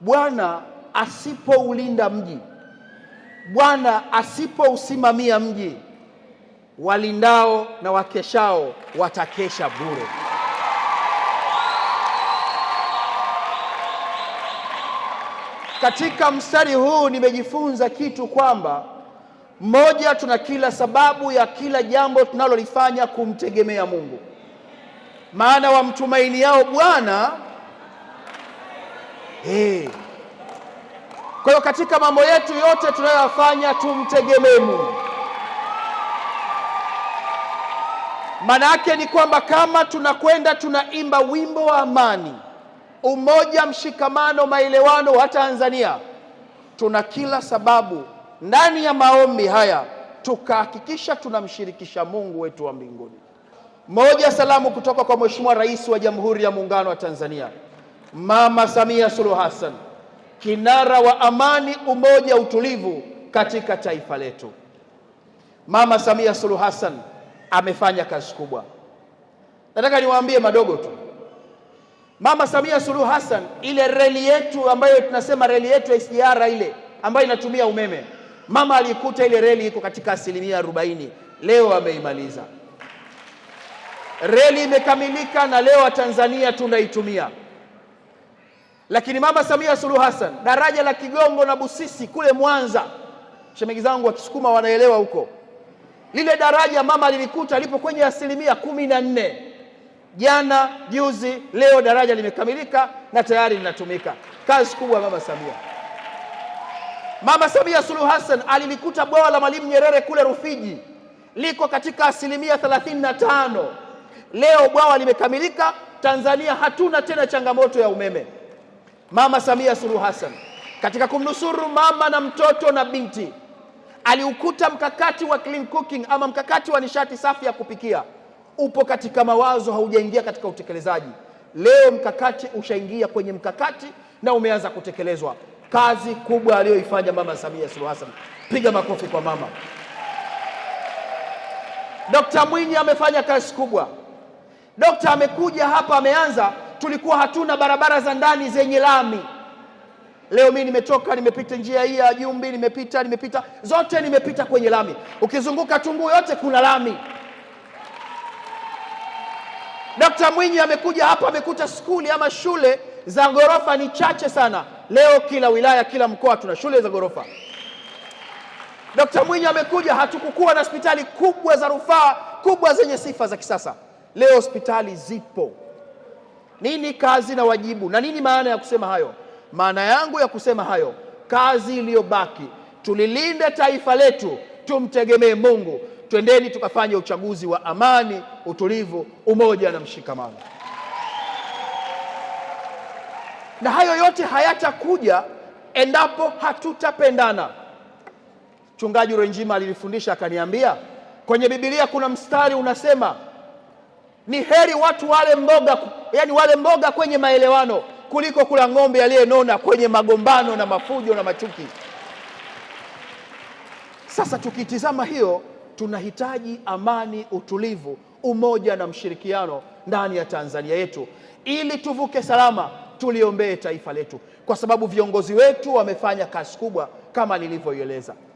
Bwana asipoulinda mji, Bwana asipousimamia mji, walindao na wakeshao watakesha bure. Katika mstari huu nimejifunza kitu kwamba moja, tuna kila sababu ya kila jambo tunalolifanya kumtegemea Mungu, maana wamtumaini yao Bwana Hey. Kwa hiyo katika mambo yetu yote tunayoyafanya tumtegemee Mungu. Maana yake ni kwamba kama tunakwenda tunaimba wimbo wa amani, umoja, mshikamano, maelewano wa Tanzania, tuna kila sababu ndani ya maombi haya tukahakikisha tunamshirikisha Mungu wetu wa mbinguni. Moja, salamu kutoka kwa Mheshimiwa Rais wa Jamhuri ya Muungano wa Tanzania. Mama Samia Suluhu Hassan, kinara wa amani, umoja, utulivu katika taifa letu. Mama Samia Suluhu Hassan amefanya kazi kubwa. Nataka niwaambie madogo tu, Mama Samia Suluhu Hassan, ile reli yetu ambayo tunasema reli yetu ya SGR ile ambayo inatumia umeme, mama alikuta ile reli iko katika asilimia arobaini, leo ameimaliza. Reli imekamilika na leo tanzania tunaitumia. Lakini Mama Samia Suluhu Hassan, daraja la Kigongo na Busisi kule Mwanza, shemegi zangu wakisukuma wanaelewa huko. Lile daraja mama lilikuta lipo kwenye asilimia kumi na nne. Jana juzi, leo daraja limekamilika na tayari linatumika. Kazi kubwa Mama Samia. Mama Samia Suluhu Hassan alilikuta bwawa la Mwalimu Nyerere kule Rufiji liko katika asilimia tano. Leo bwawa limekamilika, Tanzania hatuna tena changamoto ya umeme. Mama Samia Suluhu Hassan katika kumnusuru mama na mtoto na binti aliukuta mkakati wa clean cooking ama mkakati wa nishati safi ya kupikia upo katika mawazo, haujaingia katika utekelezaji. Leo mkakati ushaingia kwenye mkakati na umeanza kutekelezwa. Kazi kubwa aliyoifanya mama Samia Suluhu Hassan, piga makofi kwa mama. dokta Mwinyi amefanya kazi kubwa. Dokta amekuja hapa ameanza tulikuwa hatuna barabara za ndani zenye lami. Leo mimi nimetoka nimepita njia hii ya Jumbi, nimepita nimepita zote, nimepita kwenye lami. Ukizunguka Tunguu yote kuna lami. Dkt. Mwinyi amekuja hapa, amekuta skuli ama shule za ghorofa ni chache sana. Leo kila wilaya, kila mkoa tuna shule za ghorofa. Dkt. Mwinyi amekuja, hatukukuwa na hospitali kubwa za rufaa kubwa zenye sifa za kisasa. Leo hospitali zipo. Nini kazi na wajibu, na nini maana ya kusema hayo? Maana yangu ya kusema hayo, kazi iliyobaki tulilinde taifa letu, tumtegemee Mungu. Twendeni tukafanye uchaguzi wa amani, utulivu, umoja na mshikamano. Na hayo yote hayatakuja endapo hatutapendana. Mchungaji Renjima alilifundisha akaniambia, kwenye Biblia kuna mstari unasema ni heri watu wale mboga, yani wale mboga kwenye maelewano kuliko kula ng'ombe aliyenona kwenye magombano na mafujo na machuki. Sasa tukitizama hiyo, tunahitaji amani, utulivu, umoja na mshirikiano ndani ya Tanzania yetu ili tuvuke salama. Tuliombee taifa letu, kwa sababu viongozi wetu wamefanya kazi kubwa kama nilivyoieleza.